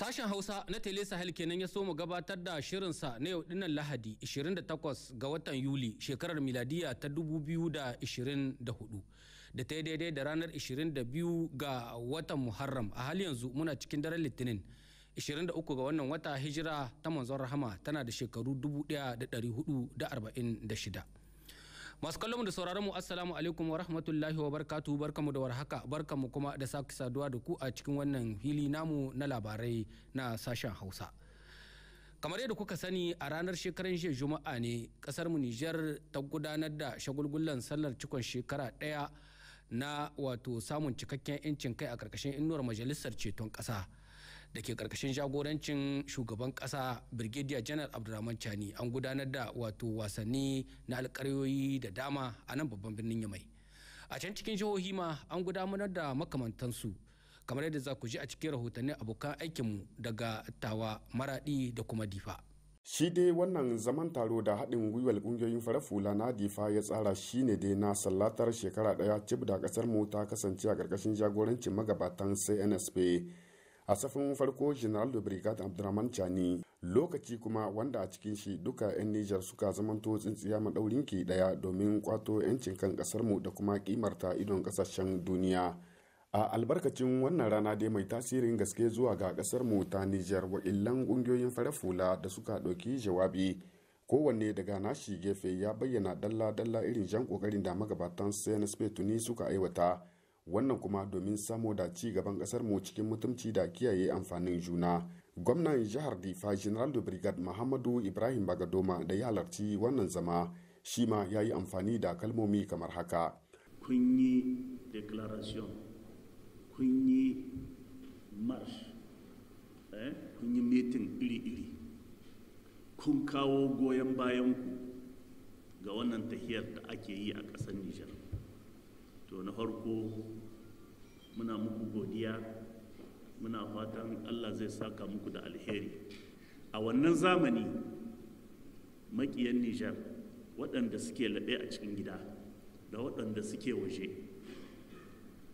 Sashen Hausa na Tele sahil kenan ya so mu gabatar da shirinsa na yau dinnan Lahadi 28 ga watan Yuli shekarar miladiya ta 2024 da ta daidai da ranar 22 ga watan Muharram a hali yanzu muna cikin daren Litinin 23 ga wannan wata hijira ta manzon rahama tana da shekaru 1446. masu kallon mu da sauraron mu assalamu alaikum wa rahmatullahi wa barkatu barkamu da warhaka barkamu kuma da sake saduwa da ku a cikin wannan fili namu na labarai na sashen hausa kamar yadda kuka sani a ranar shekaran jiya juma'a ne kasar mu nijar ta gudanar da shagulgullan sallar cikon shekara daya na wato samun cikakken 'yancin kai a karkashin inuwar majalisar ceton ƙasa da ke karkashin jagorancin shugaban kasa birgidiya Janar Abdulrahman Chani an gudanar da wato wasanni na alkaryoyi da dama a nan babban birnin Yamai. A can cikin jihohi ma an gudanar da makamantansu kamar yadda za ku ji a cikin rahotannin abokan aikinmu daga Tawa, Maradi da kuma Difa. Shi dai wannan zaman taro da haɗin gwiwar ƙungiyoyin farafula fula na difa ya tsara shi ne dai na sallatar shekara ɗaya cib da ƙasar mu ta kasance a ƙarƙashin jagorancin magabatan CNSP. a safin farko general da brigade abdurrahman chani lokaci kuma wanda a cikin shi duka 'yan nijar suka zamanto tsintsiya maɗaurin ki ɗaya domin kwato 'yancin kan ƙasarmu da kuma kimarta idon kasashen duniya a albarkacin wannan rana dai mai tasirin gaske zuwa ga mu ta nijar wa'illan ƙungiyoyin farar fula da suka ɗauki jawabi kowanne daga nashi gefe ya bayyana dalla-dalla irin jan ƙoƙarin da magabatan cnsp tuni suka aiwata wannan kuma domin samo da ci gaban kasar mu cikin mutumci da kiyaye amfanin juna gwamnan jihar difa general de brigad muhammadu ibrahim bagadoma da ya halarci wannan zama shi ma ya yi amfani da kalmomi kamar haka kun yi declaration kun yi march eh, kun yi meeting iri-iri kun kawo goyon ku ga wannan tahiyar da ake yi a ƙasar nijar to na farko muna muku godiya muna fatan allah zai saka muku da alheri a wannan zamani makiyan nijar waɗanda suke laɓe a cikin gida da waɗanda suke waje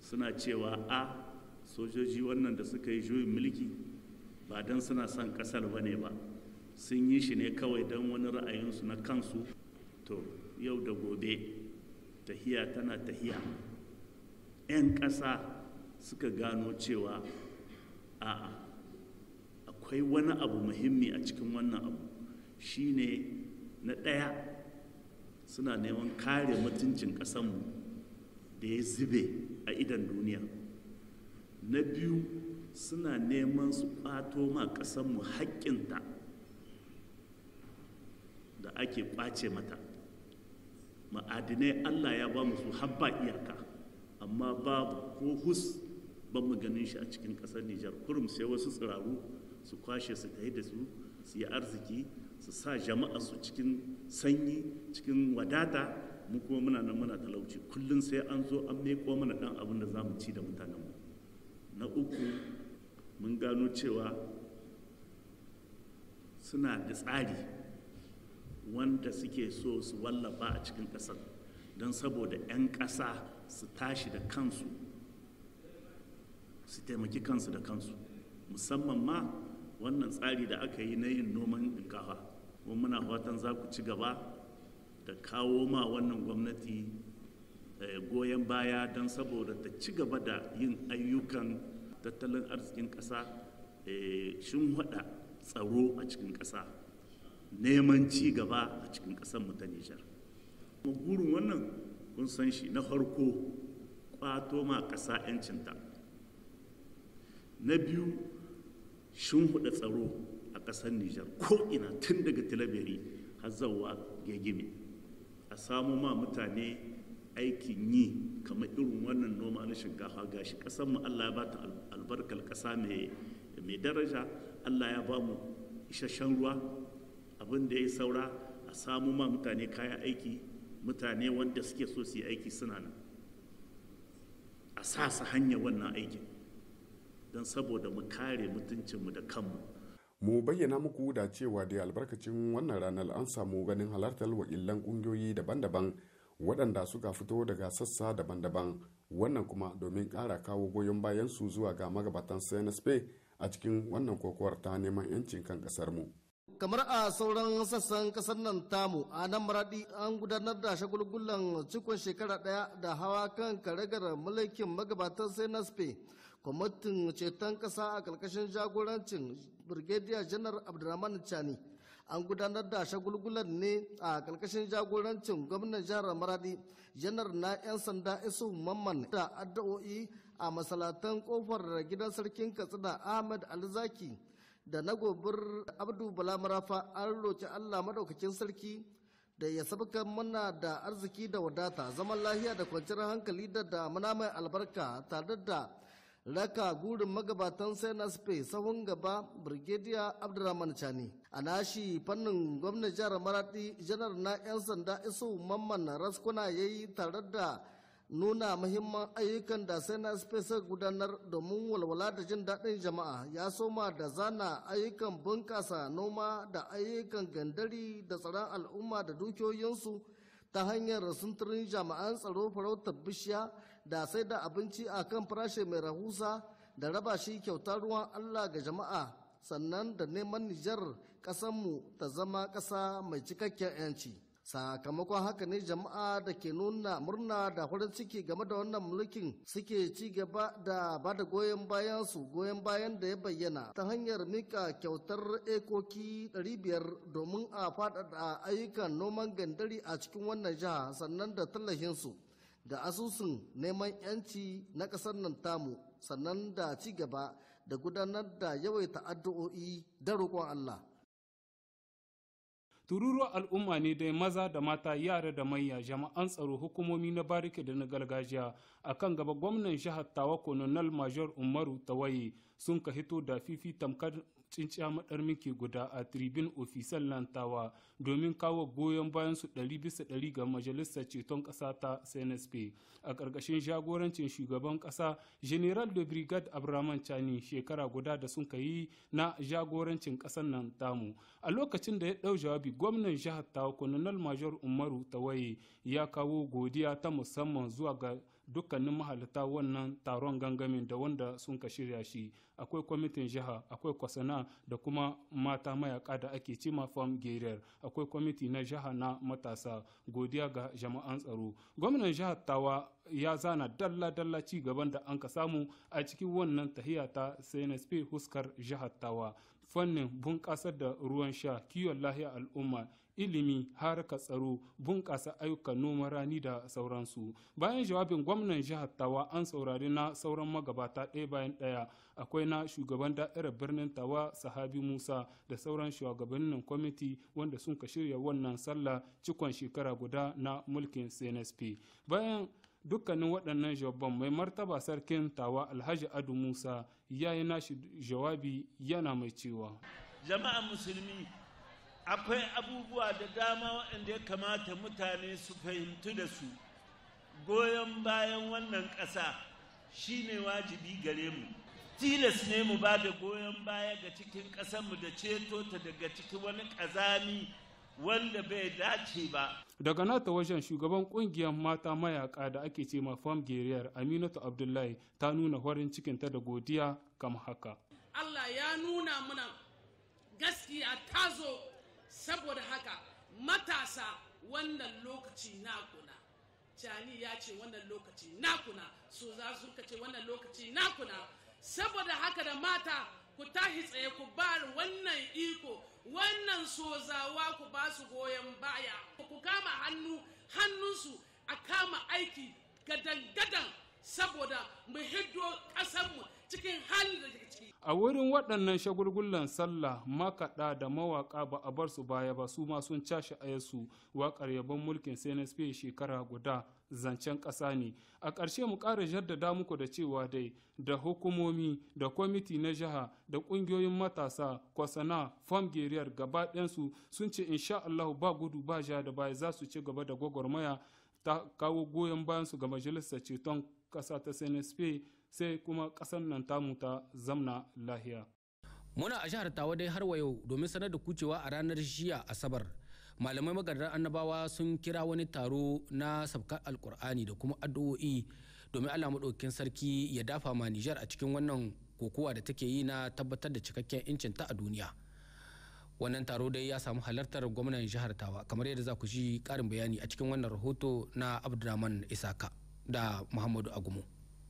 suna cewa a sojoji wannan da suka yi juyin mulki ba don suna son ƙasar ba ne ba sun yi shi ne kawai don wani ra'ayinsu na kansu to yau da gobe tahiya tana tahiya 'yan ƙasa suka gano cewa a'a akwai wani abu muhimmi a cikin wannan abu shine na ɗaya suna neman kare mutuncin ƙasanmu da ya zube a idan duniya na biyu suna neman su ɓato ma ƙasanmu haƙƙinta da ake ɓace mata ma'adinai allah ya ba mu su habba iyaka amma babu ko hus ban mu ganin shi a cikin ƙasar nijar kurum sai wasu tsiraru su kwashe su tafi da su su yi arziki su sa jama'a su cikin sanyi cikin wadata mu kuma muna nan muna talauci kullum sai an zo an meko mana dan abin da zamu ci da mutanen mu na uku mun gano cewa suna da tsari wanda suke so su wallafa a cikin ƙasar don saboda 'yan ƙasa su tashi da kansu su taimaki kansu da kansu musamman ma wannan tsari da aka yi na yin noman shinkafa kuma muna fatan za ku ci gaba da kawo ma wannan gwamnati eh, goyon baya don saboda ta ci gaba da yin ayyukan tattalin arzikin ƙasa eh, shin hada tsaro a cikin ƙasa neman ci gaba a cikin ƙasar mu ta nijar gurin wannan kun san shi na farko kwato ma ƙasa 'yancinta na biyu shimfiɗa tsaro a ƙasar nijar ina tun daga tilaberi har zawa gini a samu ma mutane aikin yi kamar irin wannan noma na shinkafa gashi ƙasar mu allah ya bata albarkar ƙasa mai daraja allah ya ba mu isasshen ruwa abin da ya saura a samu ma mutane kaya aiki mutane wanda suke so su yi aiki suna nan a sa su hanya wannan aikin don saboda mu kare mutuncinmu da kanmu mu bayyana muku da cewa da albarkacin wannan ranar an samu ganin halartar wakilan kungiyoyi daban-daban waɗanda suka fito daga sassa daban-daban wannan kuma domin ƙara kawo goyon bayan su zuwa ga magabatan cnsp a cikin wannan kokowar ta neman 'yancin kan ƙasar mu kamar a sauran sassan kasar nan tamu a nan maradi an gudanar da shagulgulan cikon shekara ɗaya da hawa kan karagar mulkin magabatan sai kwamitin ceton Kasa a ƙarƙashin jagorancin Brigadier Janar Abdulrahman Chani an gudanar da shagulgulan ne a karkashin jagorancin gwamnan jihar Maradi janar na 'yan sanda Isu Mamman da addu'o'i a masalatan kofar gidan sarkin Katsina Ahmad Alzaki da na gobir Abdu Bala Marafa an roki Allah madaukakin sarki da ya sabuka mana da arziki da wadata zaman lahiya da kwanciyar hankali da da albarka tare da raka gurin magabatan senaspe sahun gaba brigadier abdurrahman chani a nashi fannin gwamnan jihar maradi janar na 'yan sanda iso mamman raskuna ya yi tare da nuna muhimman ayyukan da senaspe suka gudanar domin walwala da jin daɗin jama'a ya soma da zana ayyukan bunƙasa noma da ayyukan gandari da tsaron al'umma da dukiyoyinsu ta hanyar sintirin jama'an tsaro farautar bishiya da sai da abinci a kan farashi mai rahusa da raba shi kyautar ruwan Allah ga jama'a sannan da neman Nijar ƙasanmu ta zama ƙasa mai cikakken 'yanci. Sakamakon haka ne jama'a da ke nuna murna da farin ciki game da wannan mulkin suke ci gaba da ba da goyon bayan su goyon bayan da ya bayyana ta hanyar mika kyautar ekoki 500 domin a faɗaɗa ayyukan noman gandari a cikin wannan jiha sannan da tallahinsu. da asusun neman yanci na ƙasar nan tamu sannan da ci gaba da gudanar da yawaita addu'o'i da roƙon Allah. Tururuwar al'umma ne dai maza da mata yara da manya jama'an tsaro hukumomi na barike da na gargajiya a kan gaba gwamnan shahar tawa kononal major umaru tawaye sun ka hito da fifi tamkar tsinciya maɗar minki guda a tribune ofisal lantawa domin kawo goyon bayan su ɗari bisa ɗari ga majalisar ceton ƙasa ta cnsp a ƙarƙashin jagorancin shugaban ƙasa general de brigade abraman chani shekara guda da sun yi na jagorancin ƙasar nan tamu a lokacin da ya ɗau jawabi gwamnan jihar tawa colonel major umaru tawaye ya kawo godiya ta musamman zuwa ga dukkanin mahalarta wannan taron gangamin da wanda sun ka shirya shi akwai kwamitin jiha akwai kwasana da kuma mata mayaka da ake cima fam gerer akwai kwamiti na jiha na matasa godiya ga jama'an tsaro gwamnan jihar tawa ya zana dalla-dalla ci gaban da an ka samu a cikin wannan tahiya ta cnsp huskar jihar tawa fannin bunƙasar da ruwan sha kiwon lahiya al'umma ilimi harkar tsaro bunƙasa ayyukan noman rani da sauransu bayan jawabin gwamnan jihar tawa an saurari na sauran magabata ɗaya bayan ɗaya akwai na shugaban da'irar birnin tawa sahabi musa da sauran shugabannin kwamiti wanda sun ka shirya wannan sallah cikon shekara guda na mulkin cnsp bayan dukkanin waɗannan jawaban mai martaba sarkin tawa alhaji adu musa ya yi nashi jawabi yana mai cewa jama'a musulmi akwai abubuwa da dama waɗanda ya kamata mutane su fahimtu da su goyon bayan wannan ƙasa shi ne wajibi gare mu tilas ne mu ba da goyon baya ga cikin ƙasarmu da ceto ta daga cikin wani ƙazami wanda bai dace ba. Daga nata wajen shugaban ƙungiyar mata mayaka da ake ce ma fam geriyar Aminatu Abdullahi ta nuna farin cikinta da godiya kam haka. Allah ya nuna mana gaskiya ta zo saboda haka matasa wannan lokaci nakuna cani ya ce wannan lokaci nakuna su za su ce wannan lokaci nakuna saboda haka da mata ku tahi tsaye ku ba wannan iko wannan sozawa ku ba su goyon baya ku kama hannu hannunsu a kama aiki gadan-gadan saboda mu hiddo ƙasanmu cikin hal a wurin waɗannan shagulgullan sallah makaɗa da mawaƙa ba a bar su baya ba su ma sun cashe ayarsu waƙar yabon mulkin cnsp shekara guda zancen ƙasa ne a ƙarshe mu ƙara jaddada muku da cewa dai da hukumomi da kwamiti na jiha da ƙungiyoyin matasa kwasana geriyar gaba ɗansu sun ce insha allah ba gudu ba jiha da baya za su ci gaba da gwagwarmaya ta kawo goyon bayansu ga majalisar ceton ƙasa ta cnsp sai kuma kasan nan tamu ta zamna lahiya. Muna a jihar Tawa dai har wa yau domin sanar da kucewa a ranar jiya Asabar. Malamai magadar annabawa sun kira wani taro na sabkar alkur'ani da kuma addu'o'i domin Allah maɗaukin sarki ya dafa ma Nijar a cikin wannan kokowa da take yi na tabbatar da cikakken incin ta a duniya. Wannan taro dai ya samu halartar gwamnan jihar Tawa kamar yadda za ku ji karin bayani a cikin wannan rahoto na Abdulrahman Isaka da Muhammadu Agumu.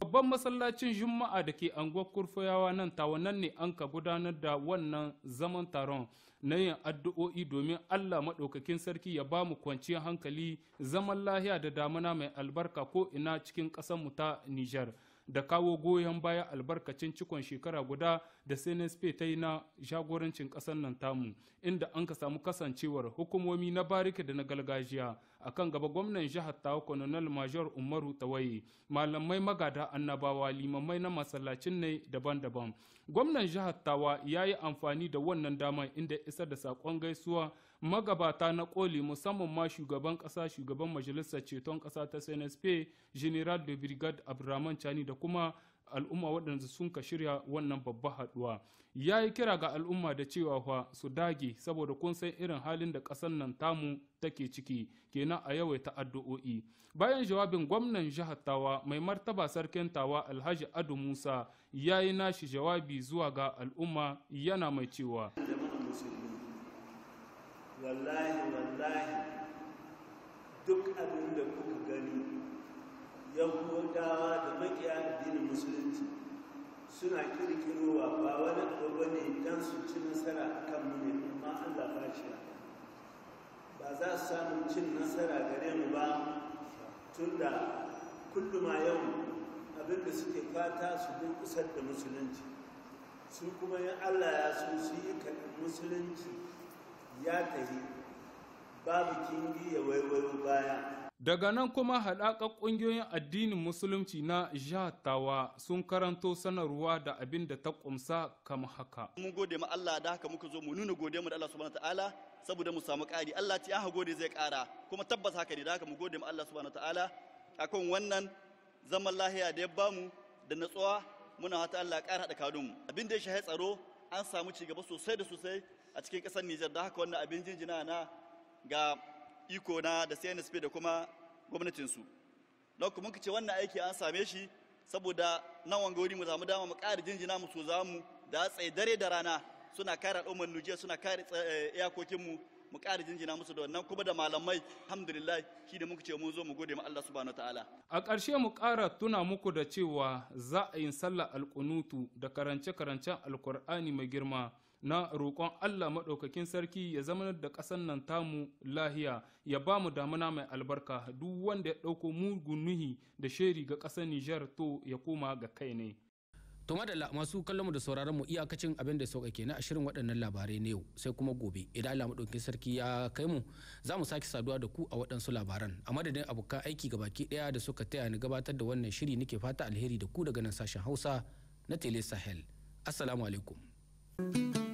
Babban masallacin Juma'a da ke anguwar Kurfayawa nan tawanan ne an ka gudanar da wannan zaman taron na yin addu'o'i domin Allah maɗaukakin sarki ya ba mu kwanciyar hankali zaman lahiya da damuna mai albarka ko ina cikin ƙasarmu ta Nijar. da kawo goyon baya albarkacin cikon shekara guda da CNSP ta yi na jagorancin ƙasar nan tamu inda an ka samu kasancewar hukumomi na barika da na galgajiya. A kan gaba gwamnan jihar ta Colonel Major Umaru Tawaye malamai magada annabawa limamai na masallacin ne daban-daban gwamnan jihar Tawa ya yi amfani da wannan dama inda isar da saƙon gaisuwa magabata na koli musamman ma shugaban kasa shugaban majalisar ceton kasa ta cnsp general de brigade abdurrahman chani da kuma al'umma waɗanda sun ka shirya wannan babban haɗuwa ya yi kira ga al'umma da cewa fa su dage saboda kun san irin halin da ƙasar nan tamu take ciki kenan a yawaita addu'o'i bayan jawabin gwamnan jihar tawa mai martaba sarkin tawa alhaji adu musa ya yi nashi jawabi zuwa ga al'umma yana mai cewa wallahi wallahi duk abin da kuka gani yahudawa da makiya dini musulunci suna kirkirowa ba wani abu ne don su ci nasara a kan mu ne amma an ba shi ba za su samu cin nasara gare mu ba tun da kullum yau abinda suke fata su bin kusar da musulunci su kuma yin allah ya su yi musulunci ya tafi babu kingi ya waiwayo baya daga nan kuma haɗaƙa ƙungiyoyin addinin musulunci na jatawa sun karanto sanarwa da abin da ta ƙumsa kama haka mun gode ma Allah da haka muka zo mu nuna gode mu da Allah subhanahu ta'ala saboda mu samu ƙari Allah ce aka gode zai ƙara kuma tabbas haka ne da haka mu gode ma Allah subhanahu ta'ala akan wannan zaman lahiya da ya bamu da natsuwa muna wata Allah ƙara haɗa kadun abin da ya shahe tsaro an samu cigaba sosai da sosai a cikin kasar Nijar da haka wannan abin jinjina na ga iko na da CNSP da kuma gwamnatinsu. Don kuma ce wannan aiki an same shi saboda nan wanga wuri mu zamu dama mu ƙara jinjina mu so zamu da tsaye dare da rana suna kare al'ummar Nijar suna kare eh, iyakokinmu mu ƙara jinjina musu da wannan kuma da malamai alhamdulillah shi da muka ce mun zo mu gode ma Allah subhanahu wataala a ƙarshe mu ƙara tuna muku da cewa za a yi sallah alƙunutu da karance-karancen alƙur'ani mai girma na roƙon Allah maɗaukakin sarki ya zama da ƙasar nan tamu lahiya ya ba mu damuna mai albarka duk wanda ya ɗauko mugun nuhi da sheri ga ƙasar Nijar to ya koma ga kai ne. To madalla masu kallon mu da sauraron mu iyakacin abin da sauka kenan a shirin waɗannan labarai ne yau sai kuma gobe idan Allah maɗaukakin sarki ya kai mu za mu sake saduwa da ku a waɗansu labaran a madadin abokan aiki ga baki ɗaya da suka taya ni gabatar da wannan shiri nake fata alheri da ku daga nan sashen Hausa na Tele Sahel. Assalamu alaikum.